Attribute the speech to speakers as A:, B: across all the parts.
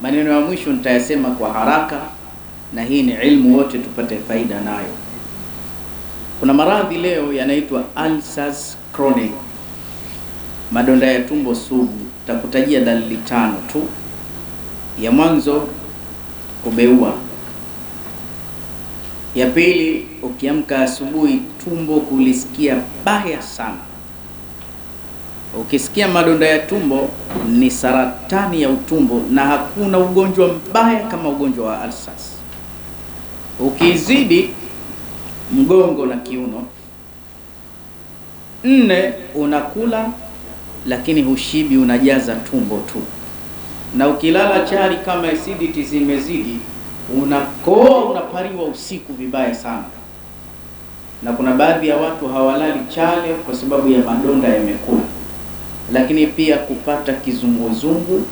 A: Maneno ya mwisho nitayasema kwa haraka, na hii ni ilmu wote tupate faida nayo. Kuna maradhi leo yanaitwa ulcers chronic, madonda ya tumbo sugu. Takutajia dalili tano tu. Ya mwanzo kubeua, ya pili ukiamka asubuhi tumbo kulisikia baya sana Ukisikia madonda ya tumbo ni saratani ya utumbo, na hakuna ugonjwa mbaya kama ugonjwa wa ulcers. Ukizidi mgongo na kiuno nne, unakula lakini hushibi, unajaza tumbo tu, na ukilala chali kama acidity zimezidi, unakoa unapariwa usiku vibaya sana, na kuna baadhi ya watu hawalali chale kwa sababu ya madonda yamekula lakini pia kupata kizunguzungu,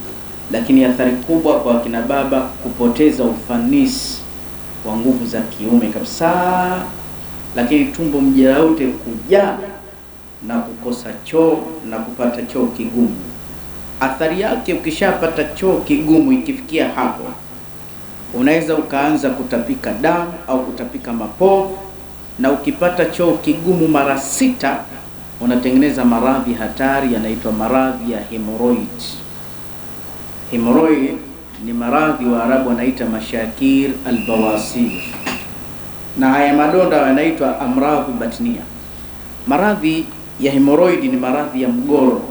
A: lakini athari kubwa kwa kina baba kupoteza ufanisi wa nguvu za kiume kabisa, lakini tumbo mja kuja kujaa na kukosa choo na kupata choo kigumu. Athari yake, ukishapata choo kigumu, ikifikia hapo, unaweza ukaanza kutapika damu au kutapika mapovu, na ukipata choo kigumu mara sita unatengeneza maradhi hatari yanaitwa maradhi ya hemoroid. Hemoroid ni maradhi wa Arabu wanaita mashakir albawasir, na haya madonda yanaitwa amradhu batnia. Maradhi ya hemoroid ni maradhi ya mgoro,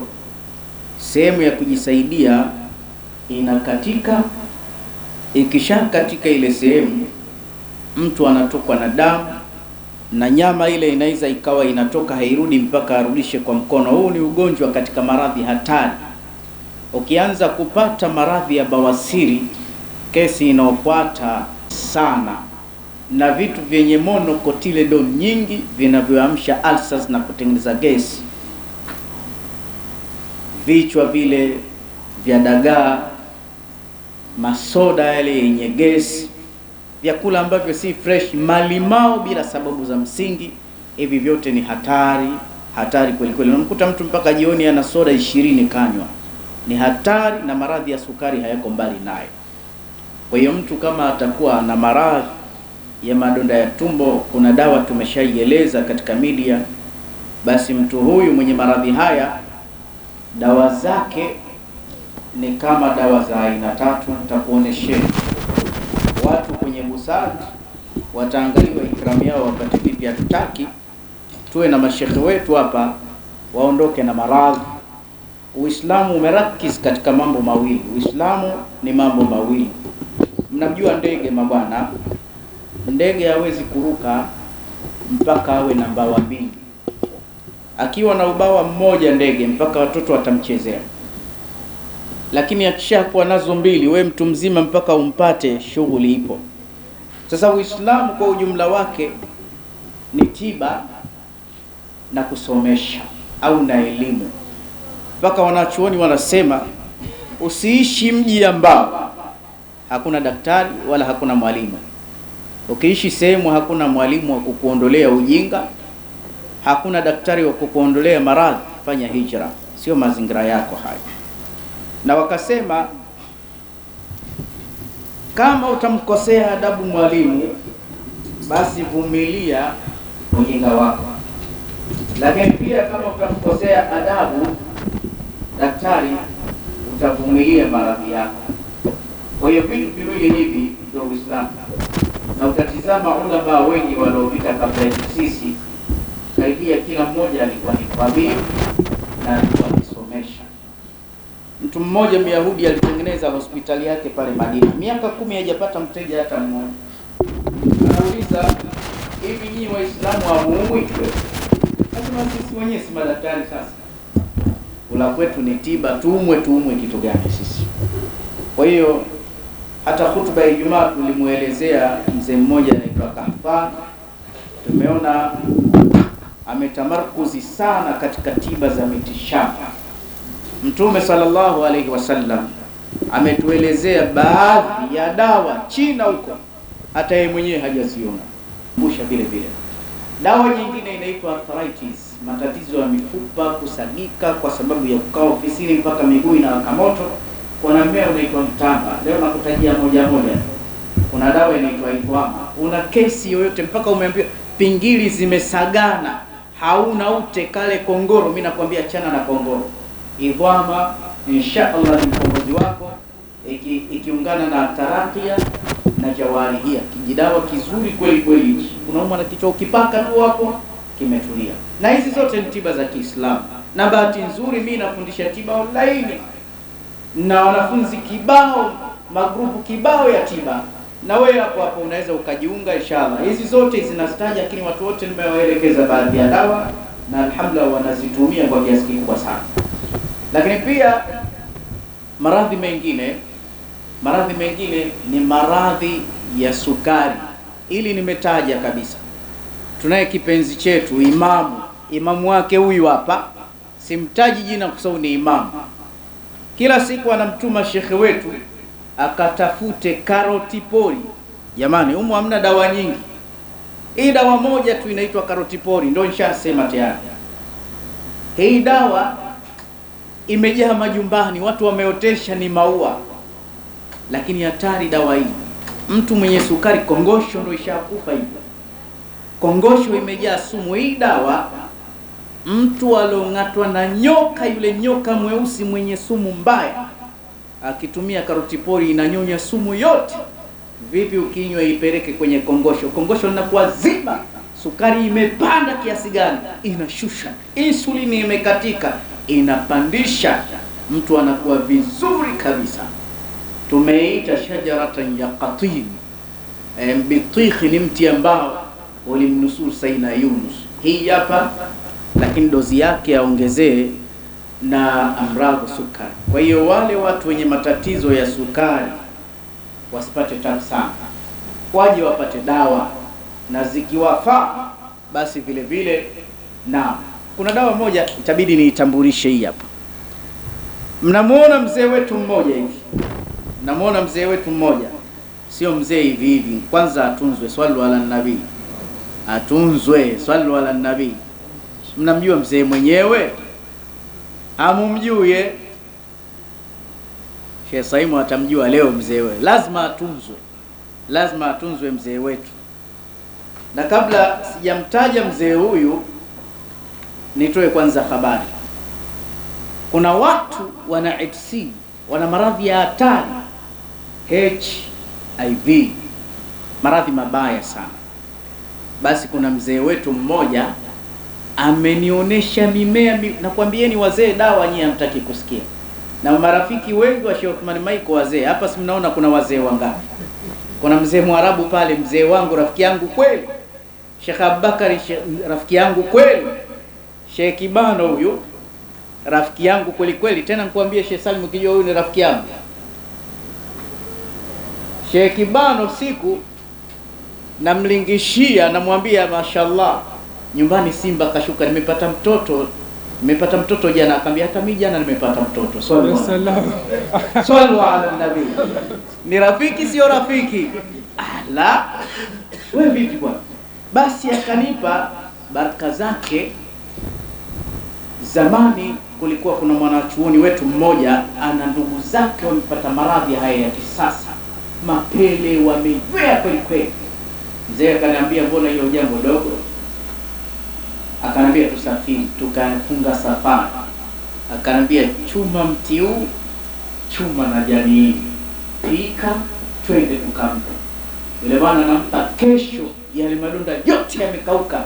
A: sehemu ya kujisaidia inakatika. Ikishakatika ile sehemu, mtu anatokwa na damu na nyama ile inaweza ikawa inatoka hairudi mpaka arudishe kwa mkono. Huu ni ugonjwa katika maradhi hatari. Ukianza kupata maradhi ya bawasiri, kesi inaofuata sana na vitu vyenye mono monocotyledon nyingi vinavyoamsha ulcers na kutengeneza gesi, vichwa vile vya dagaa, masoda yale yenye gesi vyakula ambavyo si fresh, malimao bila sababu za msingi. Hivi vyote ni hatari, hatari kweli kweli. Unamkuta mtu mpaka jioni ana soda ishirini kanywa, ni hatari, na maradhi ya sukari hayako mbali naye. Kwa hiyo mtu kama atakuwa na maradhi ya madonda ya tumbo, kuna dawa tumeshaieleza katika media, basi mtu huyu mwenye maradhi haya dawa zake ni kama dawa za aina tatu, nitakuonesheni watu kwenye busati wataangaliwa ikramu yao wakati vipi. Hatutaki tuwe na mashekhe wetu hapa waondoke na maradhi. Uislamu umerakis katika mambo mawili. Uislamu ni mambo mawili. Mnamjua ndege mabwana, ndege hawezi kuruka mpaka awe na mbawa mbili. Akiwa na ubawa mmoja ndege, mpaka watoto watamchezea lakini akishakuwa nazo mbili, we mtu mzima mpaka umpate shughuli ipo. Sasa Uislamu kwa ujumla wake ni tiba na kusomesha au na elimu. Mpaka wanachuoni wanasema usiishi mji ambao hakuna daktari wala hakuna mwalimu. Ukiishi sehemu hakuna mwalimu wa kukuondolea ujinga, hakuna daktari wa kukuondolea maradhi, fanya hijra, sio mazingira yako hayo na wakasema kama utamkosea adabu mwalimu, basi vumilia ujinga wako, lakini pia kama utamkosea adabu daktari, utavumilia maradhi yako. Kwa hiyo vitu viwili hivi ndio Uislamu, na utatizama ulama wengi waliopita kabla yetu sisi, karibia kila mmoja alikuwa ni tabibu na Mtu mmoja Myahudi alitengeneza hospitali yake pale Madina, miaka kumi haijapata mteja hata mmoja. Anauliza, hivi nyinyi Waislamu hamuumwi? Lazima sisi wenyewe si madaktari sasa, kula kwetu ni tiba, tuumwe tuumwe kitu gani sisi? Kwa hiyo hata hutuba ya Ijumaa tulimwelezea mzee mmoja anaitwa kahfa tumeona ametamarkuzi sana katika tiba za mitishamba Mtume sallallahu alaihi wasallam ametuelezea baadhi ya dawa China huko, hata yeye mwenyewe hajaziona busha. Vile vile dawa nyingine inaitwa arthritis, matatizo ya mifupa kusagika kwa sababu ya kukaa ofisini mpaka miguu inawaka moto. Kuna mmea unaitwa mtamba, leo nakutajia moja moja. Kuna dawa inaitwa ikwama. Una kesi yoyote mpaka umeambiwa pingili zimesagana, hauna ute, kale kongoro, mimi nakwambia chana na kongoro idhama insha Allah ni mkombozi wako, ikiungana na tarakia na jawarihia, kijidawa kizuri kweli kweli. unaumwa na kichwa, ukipaka tu wako kimetulia. Na hizi zote ni tiba za Kiislamu, na bahati nzuri mi nafundisha tiba online na wanafunzi kibao, magrupu kibao ya tiba, na wewe hapo hapo unaweza ukajiunga inshallah. Hizi zote zinazitaja, lakini watu wote nimewaelekeza baadhi ya dawa na alhamdulillah wanazitumia kwa kiasi kikubwa sana. Lakini pia maradhi mengine, maradhi mengine ni maradhi ya sukari. Ili nimetaja kabisa, tunaye kipenzi chetu imamu, imamu wake huyu hapa, simtaji jina kwa sababu ni imamu. Kila siku anamtuma shekhe wetu akatafute karoti Jamani, humu hamna dawa nyingi, hii dawa moja tu inaitwa karoti ndo ndio nishasema tayari. Hii dawa imejaa majumbani, watu wameotesha ni maua. Lakini hatari dawa hii, mtu mwenye sukari kongosho ndio ishakufa hivi, kongosho imejaa sumu. Hii dawa mtu alongatwa na nyoka, yule nyoka mweusi mwenye sumu mbaya, akitumia karoti pori inanyonya sumu yote. Vipi ukinywa ipeleke kwenye kongosho, kongosho linakuwa zima. Sukari imepanda kiasi gani? Inashusha. Insulini imekatika inapandisha, mtu anakuwa vizuri kabisa. Tumeita shajaratan ya qatin. Eh, bitikhi ni mti ambao ulimnusuru Saina Yunus. Hii hapa lakini dozi yake aongezee na amradhu sukari. Kwa hiyo wale watu wenye matatizo ya sukari wasipate tabu sana, waje wapate dawa na zikiwafaa basi vile vile kuna dawa moja itabidi niitambulishe hii hapa. Mnamuona mzee wetu mmoja hivi, mnamuona mzee wetu mmoja, sio mzee hivi hivi. Kwanza atunzwe, swallu ala nabii, atunzwe, swallu ala nabii. Mnamjua mzee mwenyewe amumjue? Eh? Sheikh Saimu atamjua leo mzee wewe, lazima atunzwe, lazima atunzwe mzee wetu. Na kabla sijamtaja mzee huyu Nitoe kwanza habari, kuna watu wana HC, wana maradhi ya hatari HIV, maradhi mabaya sana. Basi kuna mzee wetu mmoja amenionyesha mimea mi... nakwambieni wazee, dawa nyie hamtaki kusikia, na marafiki wengi wa Sheikh Othman Maiko wazee hapa, si mnaona kuna wazee wangapi? Kuna mzee Mwarabu pale, mzee wangu, rafiki yangu kweli, Sheikh Abubakari, rafiki yangu kweli Sheikh Kibano huyu rafiki yangu kweli kweli, tena nikwambie Sheikh Salim, ukijua huyu ni rafiki yangu Sheikh Kibano. Siku namlingishia namwambia, mashallah, nyumbani Simba kashuka, nimepata mtoto nimepata mtoto jana. Akambia hata mimi jana nimepata mtoto. Sallu ala nabi. Ni rafiki sio rafiki? Ala, wewe vipi bwana? Basi akanipa baraka zake. Zamani kulikuwa kuna mwanachuoni wetu mmoja, ana ndugu zake wamepata maradhi haya ya kisasa, mapele wamejwea kweli kweli. Mzee akaniambia mbona hiyo jambo dogo? Akaniambia tusafiri, tukafunga safari. Akaniambia chuma mti huu, chuma na jani hili, pika twende tukampe yule bwana. Nampa kesho, yale madonda yote yamekauka,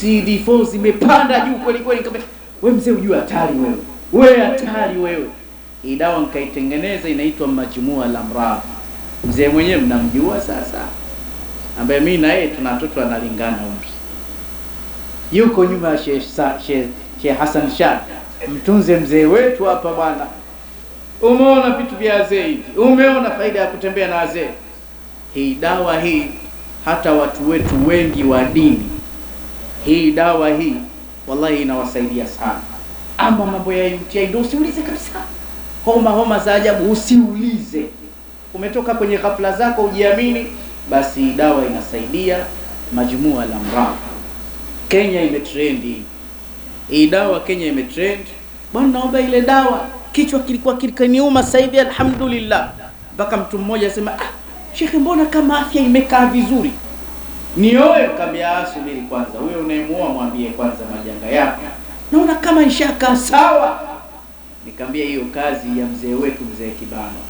A: CD4 zimepanda juu kweli kweli we mzee, ujue hatari wewe, we hatari wewe. Hii dawa nikaitengeneza inaitwa majumua la mraa. Mzee mwenyewe mnamjua sasa, ambaye mimi na yeye tuna watoto analingana umri, yuko nyuma ya Sheikh she Hassan Shah. Mtunze mzee wetu hapa bwana. Umeona vitu vya wazee hivi, umeona faida ya kutembea na wazee. Hii dawa hii, hata watu wetu wengi wa dini, hii dawa hii wallahi inawasaidia sana. Ama mambo ya UTI ndio usiulize kabisa, homa homa za ajabu usiulize. Umetoka kwenye ghafla zako, ujiamini, basi dawa inasaidia. Majumua la mraa Kenya imetrendi hii dawa, Kenya imetrendi bwana. Naomba ile dawa, kichwa kilikuwa kilikaniuma, sasa hivi alhamdulillah. Mpaka mtu mmoja asema ah, shekhe, mbona kama afya imekaa vizuri nioe, ukaambia subiri kwanza, huyo unayemuoa mwambie kwanza majanga yako, naona kama ishakaa sawa. nikaambia hiyo kazi ya mzee wetu mzee Kibano.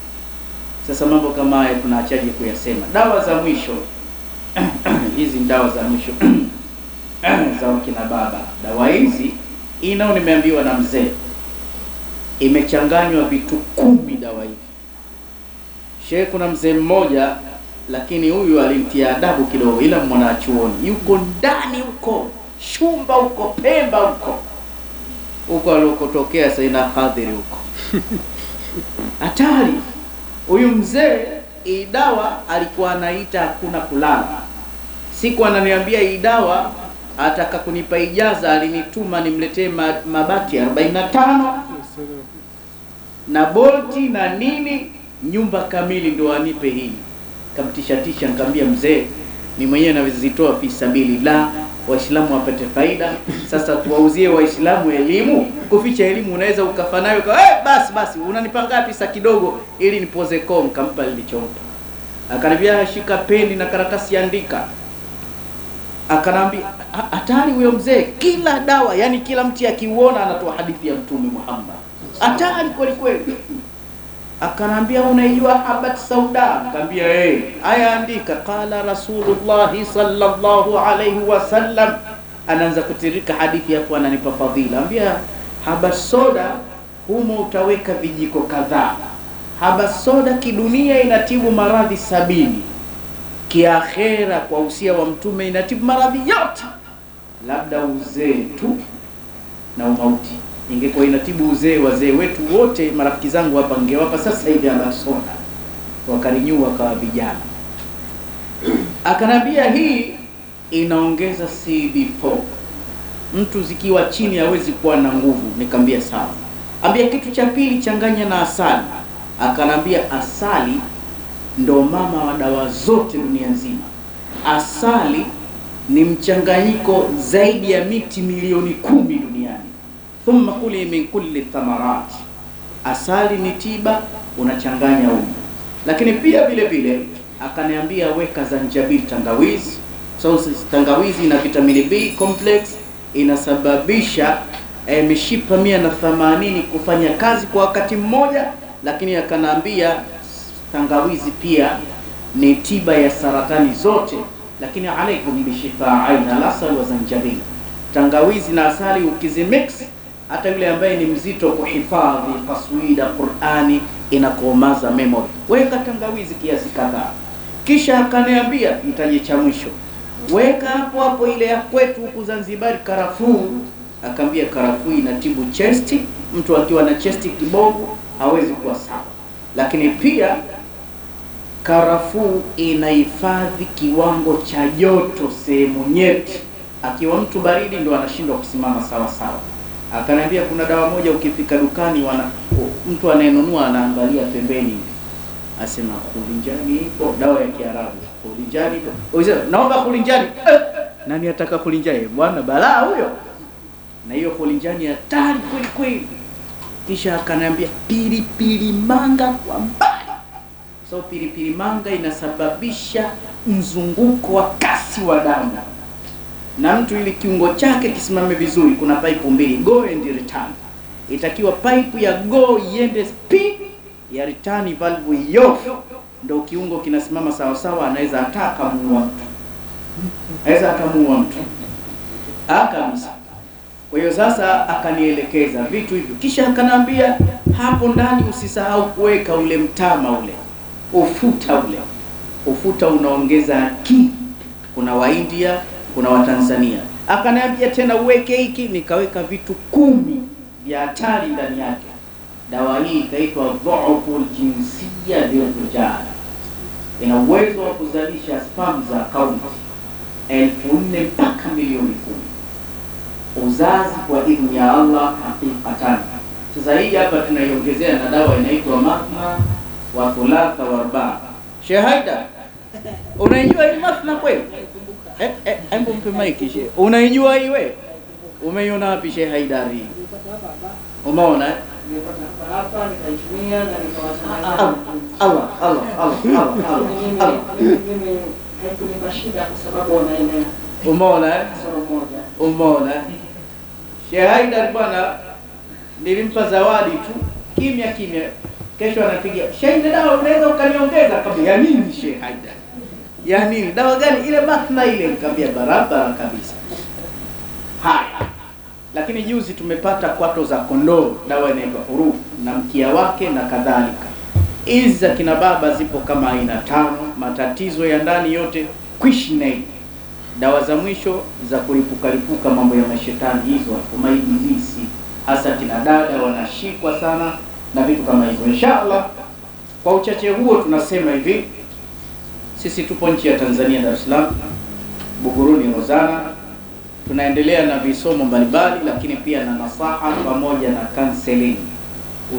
A: Sasa mambo kama haya tunaachaje kuyasema? Dawa za mwisho hizi ni dawa za mwisho za wakina baba. Dawa hizi inao, nimeambiwa na mzee, imechanganywa vitu kumi dawa hivi. Shehe, kuna mzee mmoja lakini huyu alimtia adabu kidogo, ila mwanachuoni yuko ndani huko Shumba huko Pemba huko huko alikotokea Saina Khadhiri huko hatari. Huyu mzee idawa alikuwa anaita hakuna kulala. Siku ananiambia idawa ataka kunipa ijaza, alinituma nimletee mabati 45 na bolti na nini, nyumba kamili ndo anipe hii tisha nikaambia mzee, ni mwenyewe nawezitoa fisa mbili la Waislamu wapate faida. Sasa tuwauzie Waislamu elimu, kuficha elimu unaweza ukafa nayo kwa eh, basi basi, unanipa ngapi? kidogo ili nipoze koo. Nikampa nilichompa, akaniambia shika peni na karatasi, andika. Akanaambia hatari huyo mzee, kila dawa yani kila mti akiuona anatoa hadithi ya Mtume Muhammad. Hatari kweli kweli. Akanambia, unaijua habat sauda? kaambia hey. Aya, andika. Qala Rasulullahi sallallahu alayhi wasallam, anaanza kutirika hadithi yako, ananipa fadhila. Ambia habat soda, humo utaweka vijiko kadhaa. Habat soda kidunia inatibu maradhi sabini, kiakhera kwa usia wa Mtume inatibu maradhi yote, labda uzee tu na umauti ingekuwa inatibu uzee, wazee wetu wote marafiki zangu hapa ngewapa sasa hivi Alasona wakarinyua wakawa vijana. Akanambia hii inaongeza CD4, mtu zikiwa chini hawezi kuwa na nguvu. Nikamwambia sawa. Ambia kitu cha pili, changanya na asali. Akanambia asali ndo mama wa dawa zote dunia nzima. Asali ni mchanganyiko zaidi ya miti milioni kumi duniani thumma kuli min kulli thamarat, asali ni tiba, unachanganya umu. Lakini pia vile vile akaniambia weka zanjabil, tangawizi so, tangawizi ina vitamini B complex inasababisha eh, mishipa mia na thamanini kufanya kazi kwa wakati mmoja, lakini akanaambia tangawizi pia ni tiba ya saratani zote, lakini alaikum bishifa aina lasal wa zanjabil, tangawizi na asali ukizimix hata yule ambaye ni mzito kuhifadhi taswida Qur'ani inakuomaza memory. Weka tangawizi kiasi kadhaa. Kisha akaniambia mtaji cha mwisho, weka hapo hapo ile ya kwetu huku Zanzibar, karafuu. Akaambia karafuu inatibu chesti, mtu akiwa na chesti kibovu hawezi kuwa sawa, lakini pia karafuu inahifadhi kiwango cha joto sehemu nyeti. Akiwa mtu baridi, ndo anashindwa kusimama sawa sawa. Akaniambia kuna dawa moja ukifika dukani wana mtu anayenunua anaangalia pembeni, asema kulinjani ipo, dawa ya Kiarabu kulinjani ipo, naomba kulinjani. Eh, nani ataka kulinjani? Bwana balaa huyo, na hiyo kulinjani hatari kweli kweli. Kisha akaniambia pilipili manga kwa mbali, so pilipili manga inasababisha mzunguko wa kasi wa damu na mtu ili kiungo chake kisimame vizuri, kuna pipe mbili, go and return. Itakiwa pipe ya go iende speed, ya return valve yofu, ndio kiungo kinasimama sawasawa. Anaweza hata akamuua mtu, anaweza akamuua mtu ah, kabisa. Kwa hiyo sasa akanielekeza vitu hivyo, kisha akanambia hapo ndani usisahau kuweka ule mtama ule ufuta, ule ufuta unaongeza ki, Kuna Waindia kuna Watanzania. Akaniambia tena uweke hiki, nikaweka vitu kumi vya hatari ndani yake. Dawa hii ikaitwa dhufu jinsia lirrijal, ina uwezo wa kuzalisha spam za kaunti elfu nne mpaka milioni kumi uzazi kwa idhini ya Allah haqiqatan. Sasa hii hapa tunaiongezea na dawa inaitwa mahma wa thulatha wa arbaa. Sheikh Haida, unaijua hii kweli? eh, eh embo mpe maiki she. Unaijua hii wewe? Umeiona wapi she Haidari? Umeona? Eh? Umeona? Eh? Umeona? Sheikh bwana, nilimpa zawadi tu kimya kimya, kesho anapiga Sheikh, dawa unaweza ukaniongeza kabla ya nini? Sheikh Haidar ya nini, dawa gani ile, mathna ile. Nikamwambia barabara kabisa. Haya, lakini juzi tumepata kwato za kondoo, dawa inaitwa hurufu na mkia wake na kadhalika. Hizi za kina baba zipo kama aina tano. Matatizo ya ndani yote kwishnei, dawa za mwisho za kulipuka lipuka mambo ya mashetani, hizo umaibilisi, hasa kina dada wanashikwa sana na vitu kama hivyo. Inshallah, kwa uchache huo tunasema hivi sisi tupo nchi ya Tanzania, Dar es Salaam, Buguruni Rozana, tunaendelea na visomo mbalimbali, lakini pia na nasaha pamoja na counseling,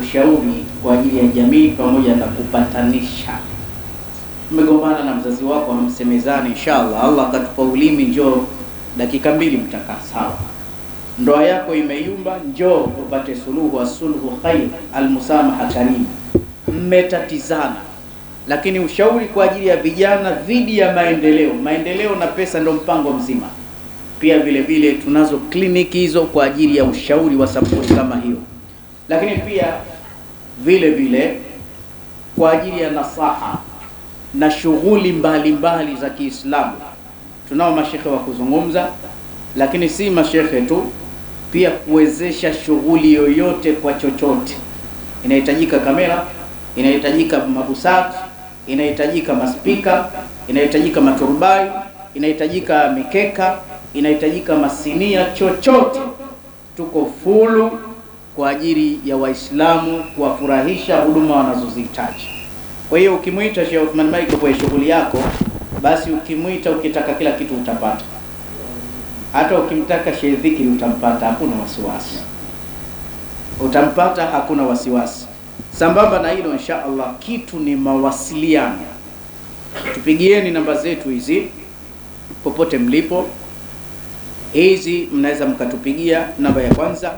A: ushauri kwa ajili ya jamii pamoja na kupatanisha. Mmegombana na mzazi wako, hamsemezani, inshallah Allah akatupa ulimi, njoo dakika mbili mtakaa sawa. Ndoa yako imeyumba, njoo upate suluhu, asuluhu khair, almusamaha karim. Mmetatizana lakini ushauri kwa ajili ya vijana dhidi ya maendeleo. Maendeleo na pesa ndio mpango mzima. Pia vile vile tunazo kliniki hizo kwa ajili ya ushauri wa sapoti kama hiyo, lakini pia vile vile kwa ajili ya nasaha na shughuli mbalimbali za Kiislamu. Tunao mashekhe wa kuzungumza, lakini si mashekhe tu, pia kuwezesha shughuli yoyote kwa chochote inahitajika kamera, inahitajika mabusati inahitajika maspika, inahitajika maturubai, inahitajika mikeka, inahitajika masinia, chochote tuko fulu kwa ajili ya Waislamu kuwafurahisha huduma wanazozihitaji. Kwa hiyo ukimwita Sheikh Uthman Maiko kwa shughuli yako, basi ukimwita ukitaka kila kitu utapata. Hata ukimtaka Sheikh Dhikri utampata, hakuna wasiwasi, utampata hakuna wasiwasi. Sambamba na hilo, insha Allah kitu ni mawasiliano. Tupigieni namba zetu hizi popote mlipo, hizi mnaweza mkatupigia namba ya kwanza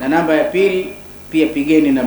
A: na namba ya pili pia, pigeni namba